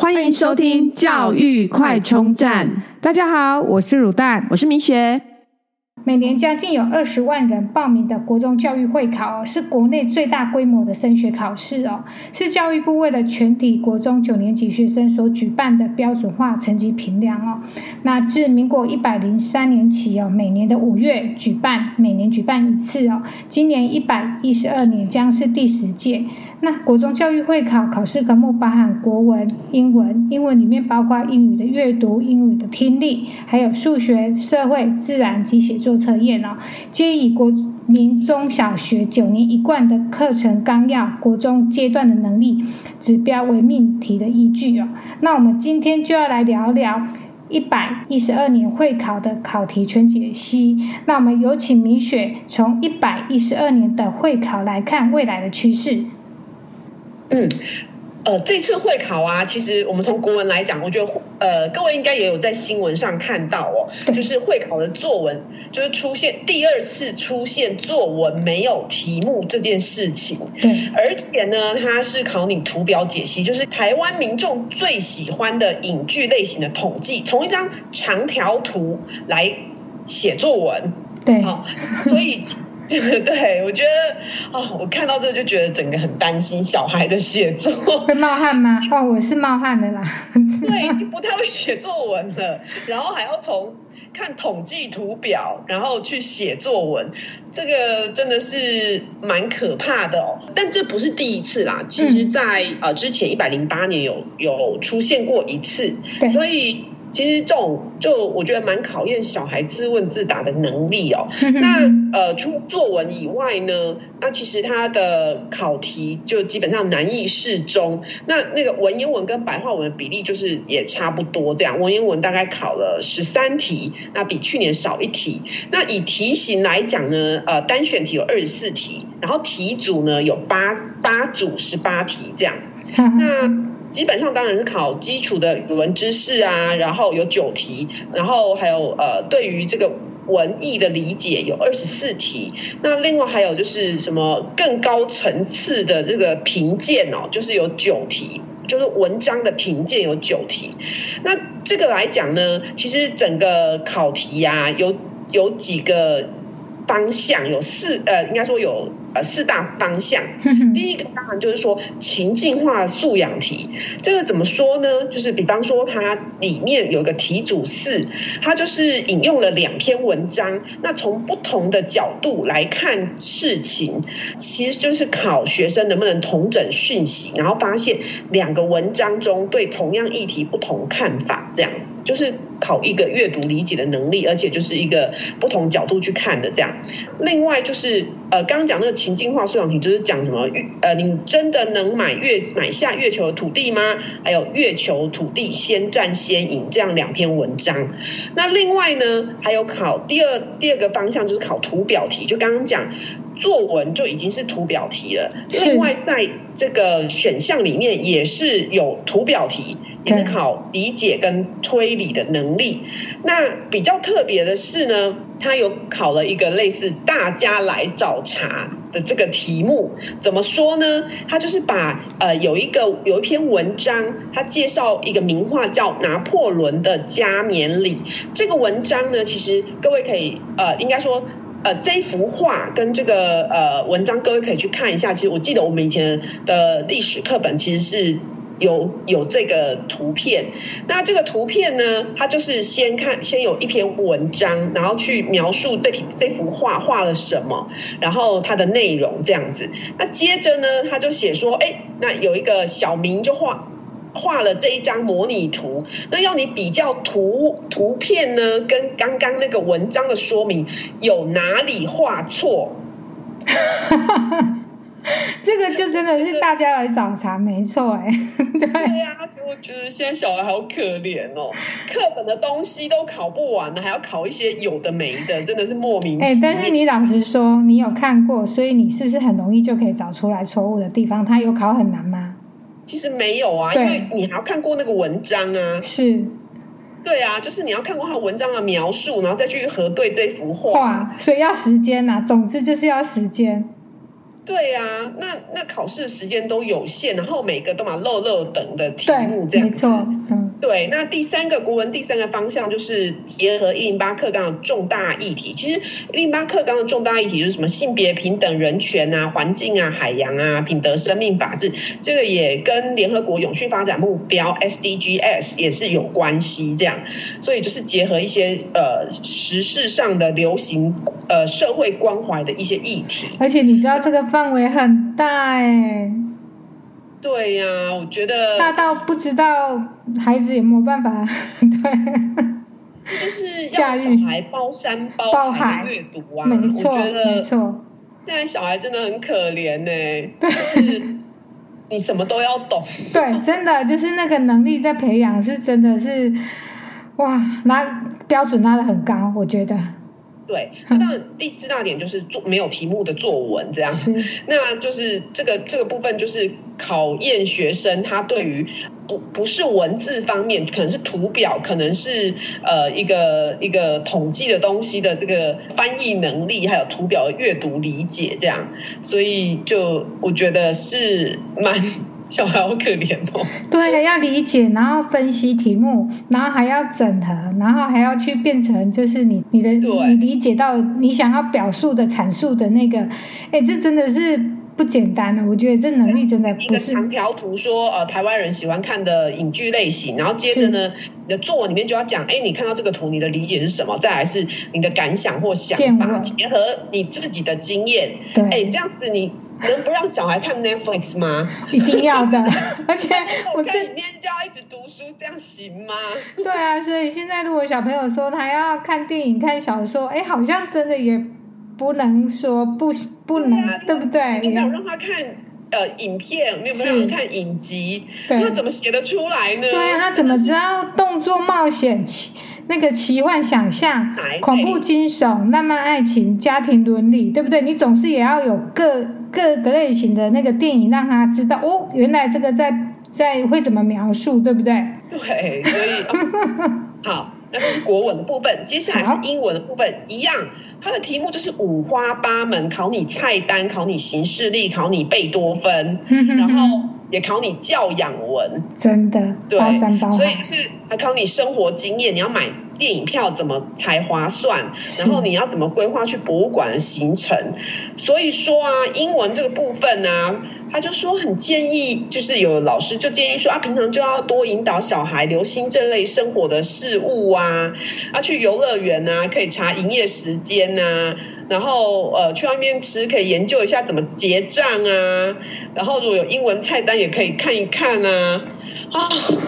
歡迎收聽教育快充站。大家好，我是乳蛋，我是明雪。每年將近有二十萬人報名的國中教育會考，是國內最大規模的升學考試哦，是教育部為了全體國中九年級學生所舉辦的標準化成績評量哦。那自民國一百零三年起哦，每年的五月舉辦，每年舉辦一次哦。今年一百一十二年將是第十屆。那國中教育會考考試科目包含國文、英文，英文裡面包括英語的閱讀、英語的聽力，還有數學、社會、自然及寫作測驗哦，皆以國民中小學九年一貫的課程綱要國中階段的能力指標為命題的依據哦。那我們今天就要來聊聊一百一十二年會考的考題全解析。那我們有請米雪從一百一十二年的會考來看未來的趨勢。嗯，呃，這次會考啊，其實我們從國文來講，我覺得，呃，各位應該也有在新聞上看到哦，對就是會考的作文，就是出現第二次出現作文沒有題目這件事情，對，而且呢，它是考你圖表解析，就是台灣民眾最喜歡的影劇類型的統計，從一張長條圖來寫作文，對、好，所以。 對，對我覺得啊、哦，我看到這就覺得整個很擔心小孩的寫作會冒汗嗎？哦，我是冒汗的啦， 對，已經不太會寫作文了，然後還要從看統計圖表，然後去寫作文，這個真的是蠻可怕的哦。但這不是第一次啦，其實在、嗯、呃之前一百零八年有有出現過一次，對所以。其實這種就我覺得蠻考驗小孩自問自答的能力哦。那呃，除作文以外呢，那其實它的考題就基本上難易適中。那那個文言文跟白話文的比例就是也差不多這樣。文言文大概考了十三題，那比去年少一題。那以題型來講呢，呃，單選題有二十四題，然後題組呢有八八組十八題這樣。那 基本上當然是考基礎的語文知識啊，然後有九題，然後還有呃對於這個文意的理解有二十四題，那另外還有就是什麼更高層次的這個評鑑哦，就是有九題，就是文章的評鑑有九題。那這個來講呢，其實整個考題呀，啊，有有幾個。方向有四，呃，應該說有呃四大方向。第一個當然就是說情境化素養題，這個怎麼說呢？就是比方說它裡面有一個題組四，它就是引用了兩篇文章，那從不同的角度來看事情，其實就是考學生能不能統整訊息，然後發現兩個文章中對同樣議題不同看法這樣子。就是考一個閱讀理解的能力，而且就是一個不同角度去看的這樣。另外就是呃，剛剛講那個情境化素養題，就是講什麼呃，你真的能買月買下月球的土地嗎？還有月球土地先占先贏，這樣兩篇文章。那另外呢，還有考第二第二個方向就是考圖表題，就剛剛講。作文就已經是圖表題了，是另外在這個選項裡面也是有圖表題，嗯、也是考理解跟推理的能力。那比較特別的是呢，它有考了一個類似大家來找茬的這個題目。怎麼說呢？它就是把呃有一個有一篇文章，它介紹一個名畫叫拿破崙的加冕禮。這個文章呢，其實各位可以呃應該說。呃，這幅畫跟這個呃文章，各位可以去看一下。其實我記得我們以前的歷史課本，其實是有有這個圖片。那這個圖片呢，它就是先看，先有一篇文章，然後去描述這幅這幅畫畫了什麼，然後它的內容這樣子。那接着呢，他就寫說，哎、欸，那有一個小明就畫。畫了這一張模擬圖，那要你比較圖圖片呢，跟剛剛那個文章的說明有哪裡畫錯？ 這個就真的是大家來找茬，的沒錯哎、欸，對呀、啊，我覺得現在小孩好可憐哦、喔，課本的東西都考不完了，還要考一些有的沒的，真的是莫名其妙。欸，但是你老實說，你有看過，所以你是不是很容易就可以找出來錯誤的地方？他有考很難嗎？其實沒有啊，對因為你還要看過那個文章啊。是，對啊，就是你要看過他文章的描述，然後再去核對這幅畫，哇，所以要時間吶、啊。總之就是要時間。對啊，那那考試時間都有限，然後每個都嘛漏漏等的題目對，這樣子。沒錯，嗯。對，那第三個國文第三個方向就是結合108課綱的重大議題。其實108課綱的重大議題就是什麼性別平等、人權啊、環境啊、海洋啊、品德、生命、法治，這個也跟聯合國永續發展目標 SDGs 也是有關係。這樣，所以就是結合一些呃時事上的流行呃社會關懷的一些議題。而且你知道這個範圍很大哎、欸。對呀、啊，我覺得大到不知道孩子有沒有辦法，對，就是要小孩包山駕馭包山包海閱讀啊，沒錯，沒錯。現在小孩真的很可憐哎、欸，就對是你什麼都要懂，對，啊、真的就是那個能力在培養是真的是，哇，那標準拿得很高，我覺得。對，那第四大點就是作沒有題目的作文，這樣，是那就是這個這個部分就是考驗學生他對於不不是文字方面，可能是圖表，可能是呃一個一個統計的東西的這個翻譯能力，還有圖表的閱讀理解這樣，所以就我覺得是蠻。小孩好可憐哦。對，要理解，然後分析題目，然後還要整合，然後還要去變成就是你你的對你理解到你想要表述的闡述的那個，哎，這真的是不簡單的，我覺得這能力真的不是。一個長條圖說，呃，台灣人喜歡看的影劇類型，然後接着呢，是你的作文裡面就要講，哎，你看到這個圖，你的理解是什麼？再來是你的感想或想法，惑結合你自己的經驗。對，哎，這樣子你。能不讓小孩看 Netflix 嗎？一定要的，而且我這幾天就要一直讀書，這樣行嗎？ 對啊，所以現在如果小朋友說他要看電影、看小說，哎、欸，好像真的也不能說不不能，對,啊、對不對？你沒有讓他看呃影片，你沒有讓他看影集，對他怎麼寫得出來呢？對啊，他怎麼知道動作冒險？那個奇幻想象唉恐怖驚悚、唉浪漫愛情、家庭倫理，對不對？你總是也要有各各個類型的那個電影，讓他知道哦，原來這個在在會怎麼描述，對不對？對，所以、哦、 好，那這是國文的部分，接下來是英文的部分，好一樣，它的題目就是五花八門，考你菜單，考你行事曆，考你貝多芬，然後。 也考你教養文，真的，八八八、對，所以就是還考你生活經驗，你要買電影票怎麼才划算？是然後你要怎麼規劃去博物館的行程。所以說啊，英文這個部分呢、啊。他就說很建議，就是有老師就建議說啊，平常就要多引導小孩留心這類生活的事物啊，啊去遊樂園啊，可以查營業時間啊，然後呃去外面吃可以研究一下怎麼結賬啊，然後如果有英文菜單也可以看一看啊，啊，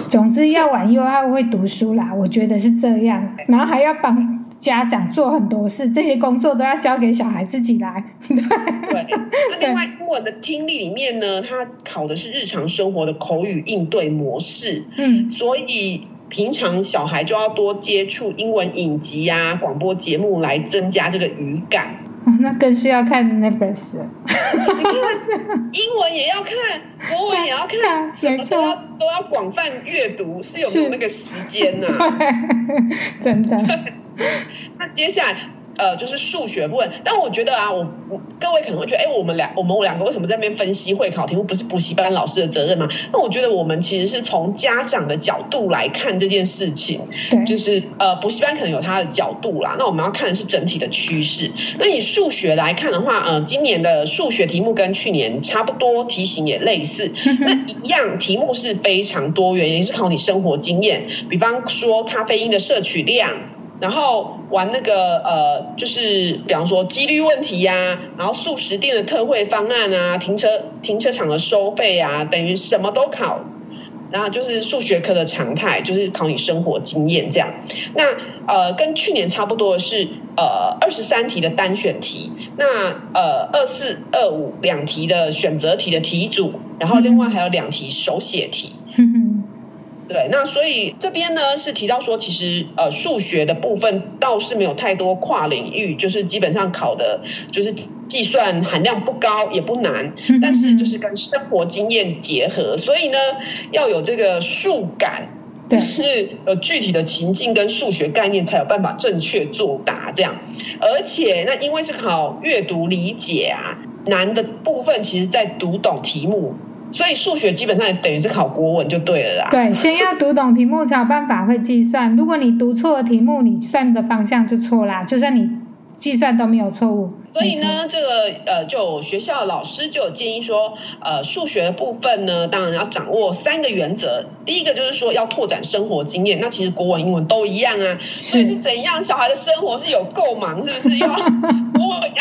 總之要玩又要會讀書啦，我覺得是這樣，對然後還要幫。家長做很多事，這些工作都要交給小孩自己來。對，對，那另外對英文的聽力裡面呢，它考的是日常生活的口語應對模式。嗯，所以平常小孩就要多接觸英文影集啊、廣播節目，來增加這個語感。那更是要看那本書，英文也要看，國文也要看，沒錯什麼都要，都要廣泛閱讀，是有沒有那個時間呢？啊？真的。那接下來，呃，就是數學部分。但我覺得啊，我各位可能會覺得，哎、欸，我們兩我們兩個為什麼在那邊分析會考題目，不是補習班老師的責任嗎？那我覺得我們其實是從家長的角度來看這件事情。Okay. 就是呃，補習班可能有他的角度啦。那我們要看的是整體的趨勢。那以數學來看的話，呃，今年的數學題目跟去年差不多，題型也類似。Mm hmm. 那一樣題目是非常多元，也是考你生活經驗。比方說，咖啡因的攝取量。然後玩那個呃，就是比方說幾率問題呀、啊，然後速食店的特惠方案啊，停車停車場的收費啊，等於什麼都考，然後就是數學科的常態，就是考你生活經驗這樣。那呃，跟去年差不多的是呃二十三題的單選題，那呃二四二五兩題的選擇題的題組，然後另外還有兩題手寫題。 對，那所以這邊呢是提到說，其實呃數學的部分倒是沒有太多跨領域，就是基本上考的就是計算含量不高也不難，但是就是跟生活經驗結合，所以呢要有這個數感，就是呃具體的情境跟數學概念才有辦法正確作答這樣。而且那因為是考閱讀理解啊，難的部分其實在讀懂題目。所以數學基本上等於是考國文就對了啦。對，先要讀懂題目才有辦法會計算。如果你讀錯題目，你算的方向就錯啦。就算你計算都沒有錯誤。沒錯。所以呢，這個呃，就學校的老師就有建議說，呃，數學的部分呢，當然要掌握三個原則。第一個就是說要拓展生活經驗，那其實國文、英文都一樣啊。所以是怎樣？小孩的生活是有夠忙，是不是？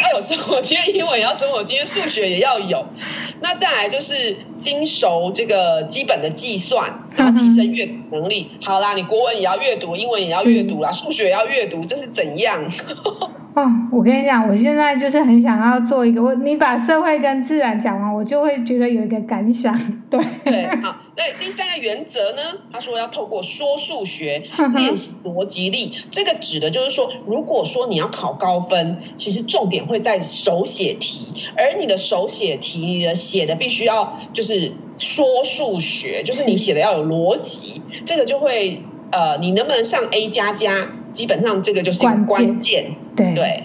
要有生活經驗，英文也要生活經驗，數學也要有。那再來就是精熟這個基本的計算，然後提升閱讀能力。好啦，你國文也要閱讀，英文也要閱讀啦，數、嗯、學也要閱讀，這是怎樣？ 哦，我跟你講，我現在就是很想要做一個我，你把社會跟自然講完，我就會覺得有一個感想。對對。好，那第三個原則呢？他說要透過說數學練習邏輯力。嗯、哼這個指的就是說，如果說你要考高分，其實重點會在手寫題，而你的手寫題你的寫的必須要就是說數學，就是你寫的要有邏輯。是這個就會呃，你能不能上 A 加加，基本上這個就是很關鍵。關鍵對，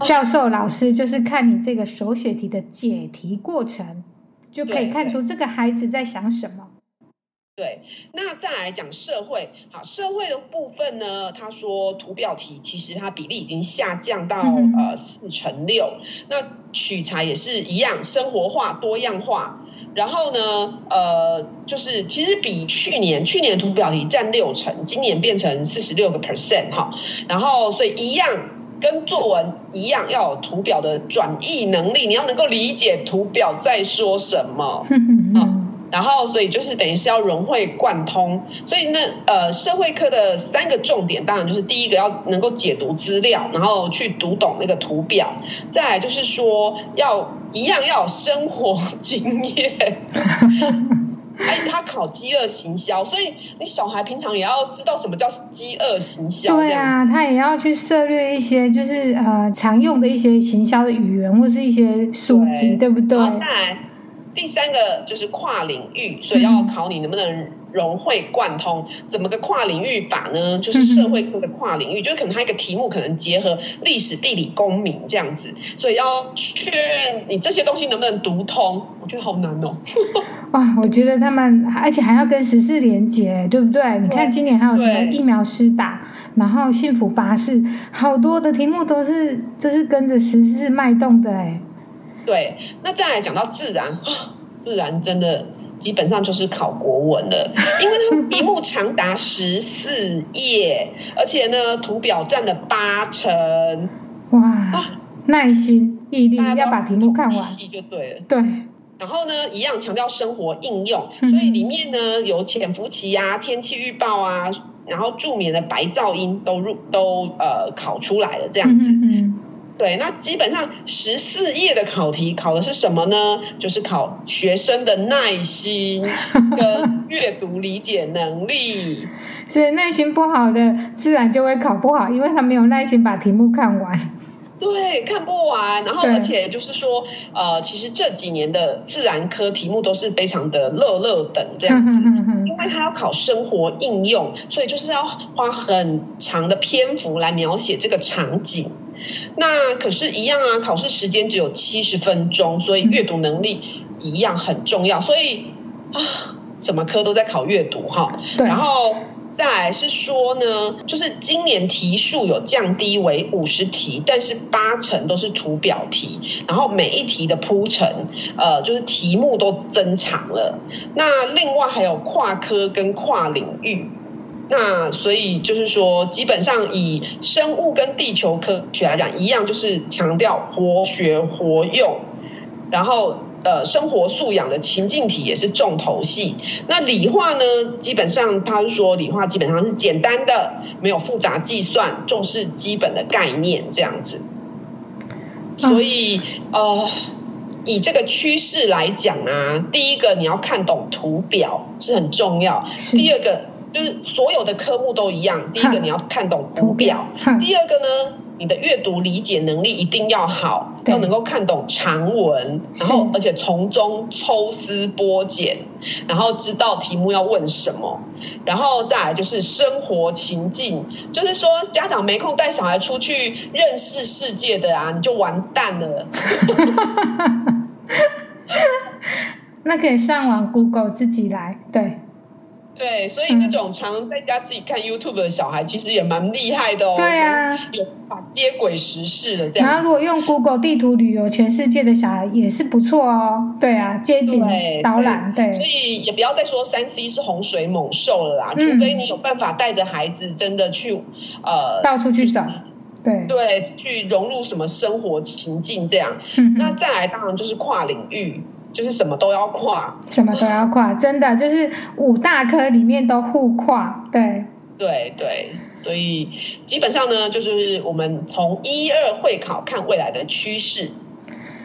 哦、教授老師就是看你這個手寫題的解題過程，就可以看出這個孩子在想什麼。對，對，那再來講社會，好，社會的部分呢，他說圖表題其實它比例已經下降到、嗯、哼呃四成六，那取材也是一樣，生活化、多樣化。然後呢，呃，就是其實比去年，去年的圖表題佔六成，今年變成四十六個 percent 哈。然後，所以一樣。跟作文一樣，要有圖表的轉譯能力，你要能夠理解圖表在說什麼。嗯、 哦，然後所以就是等於是要融會貫通。所以那呃，社會科的三個重點，當然就是第一個要能夠解讀資料，然後去讀懂那個圖表；再來就是說要，要一樣要有生活經驗。 哎，他考飢餓行銷，所以你小孩平常也要知道什麼叫飢餓行銷。對啊，他也要去涉獵一些，就是呃常用的一些行銷的語言或是一些書籍，對，對不對？好，再來，第三個就是跨領域，所以要考你能不能、嗯。融會貫通，怎麼個跨領域法呢？就是社會科的跨領域，呵呵就是可能它一個題目可能結合歷史、地理、公民這樣子，所以要確認你這些東西能不能讀通，我覺得好難哦。 哇，我覺得他們，而且還要跟時事連結，對不對？對你看今年還有什麼疫苗施打，對然後幸福巴士，好多的題目都是就是跟着時事脈動的，對。那再來講到自然，自然真的。基本上就是考國文了，因為它題目長達十四頁， 而且呢圖表占了八成，哇，啊、耐心一定要把題目看完就對了。對，然後呢一樣強調生活應用，所以裡面呢有潛伏期啊、天氣預報啊，然後助眠的白噪音都入都呃考出來了，這樣子。嗯。 對，那基本上十四頁的考題考的是什麼呢？就是考學生的耐心跟閱讀理解能力。 所以耐心不好的，自然就會考不好，因為他沒有耐心把題目看完。對，看不完。然後而且就是說，對呃，其實這幾年的自然科題目都是非常的落落長這樣子， 因為他要考生活應用，所以就是要花很長的篇幅來描寫這個場景。那可是，一樣啊。考試時間只有七十分鐘，所以閱讀能力一樣很重要。所以啊，什麼科都在考閱讀哈、哦。對。然後再來是說呢，就是今年題數有降低為五十題，但是八成都是圖表題，然後每一題的鋪陳，呃，就是題目都增長了。那另外還有跨科跟跨領域。那所以就是說，基本上以生物跟地球科學來講，一樣就是強調活學活用，然後呃，生活素養的情境題也是重頭戲。那理化呢，基本上他說理化基本上是簡單的，沒有複雜計算，重視基本的概念這樣子。所以呃，以這個趨勢來講啊，第一個你要看懂圖表是很重要，第二個。就是所有的科目都一樣，第一個你要看懂圖表，嗯、第二個呢，你的閱讀理解能力一定要好，嗯、要能夠看懂長文，對然後而且從中抽絲剝繭，是然後知道題目要問什麼，然後再來就是生活情境，就是說家長沒空帶小孩出去認識世界的啊，你就完蛋了。 那可以上網 Google 自己來，對。對，所以那種常在家自己看 YouTube 的小孩，其實也蠻厲害的哦。嗯、對啊，有接軌時事的這樣。然後如果用 Google 地圖旅遊全世界的小孩也是不錯哦。對啊，街景導覽，對。對對，所以也不要再說三 C 是洪水猛獸了啦，除、嗯、非你有辦法帶着孩子真的去、嗯、呃到處去找。對對，去融入什麼生活情境這樣。嗯、哼那再來，當然就是跨領域。就是什麼都要跨，什麼都要跨，真的就是五大科裡面都互跨，對，對對，所以基本上呢，就是我們從112會考看未來的趨勢，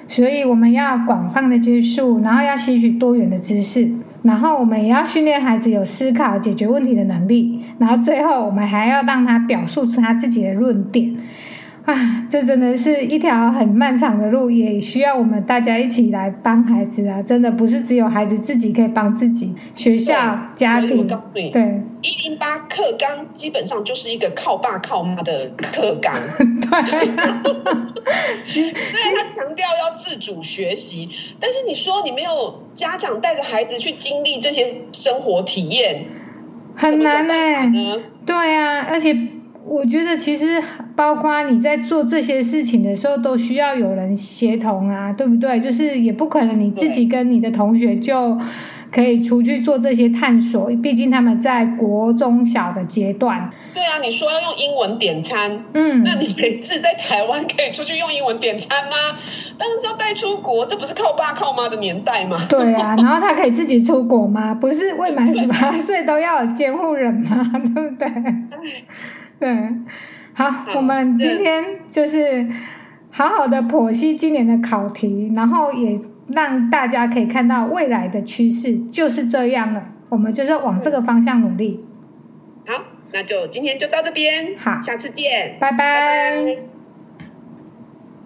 所以我們要廣泛的接觸，然後要吸取多元的知識，然後我們也要訓練孩子有思考解決問題的能力，然後最後我們還要讓他表述出他自己的論點。啊，這真的是一條很漫長的路，也需要我們大家一起來幫孩子啊！真的不是只有孩子自己可以幫自己。學校、對，家庭，對，一零八課綱基本上就是一個靠爸靠媽的課綱。對，其實對，他強調要自主學習，但是你說你沒有家長帶着孩子去經歷這些生活體驗，很難哎、欸，呢。對啊，而且。我覺得其實包括你在做這些事情的時候，都需要有人協同啊，對不對？就是也不可能你自己跟你的同學就可以出去做這些探索，畢竟他們在國中小的階段。對啊，你說要用英文點餐，嗯，那你每次在台灣可以出去用英文點餐嗎？但是要帶出國，這不是靠爸靠媽的年代嗎？對啊，然後他可以自己出國嗎？不是未滿十八歲都要有監護人嗎？對不對？ 對，好，好，我們今天就是好好的剖析今年的考題，然後也讓大家可以看到未來的趨勢就是這樣了，我們就是往這個方向努力。好，那就今天就到這邊，好，下次見，拜拜。拜拜。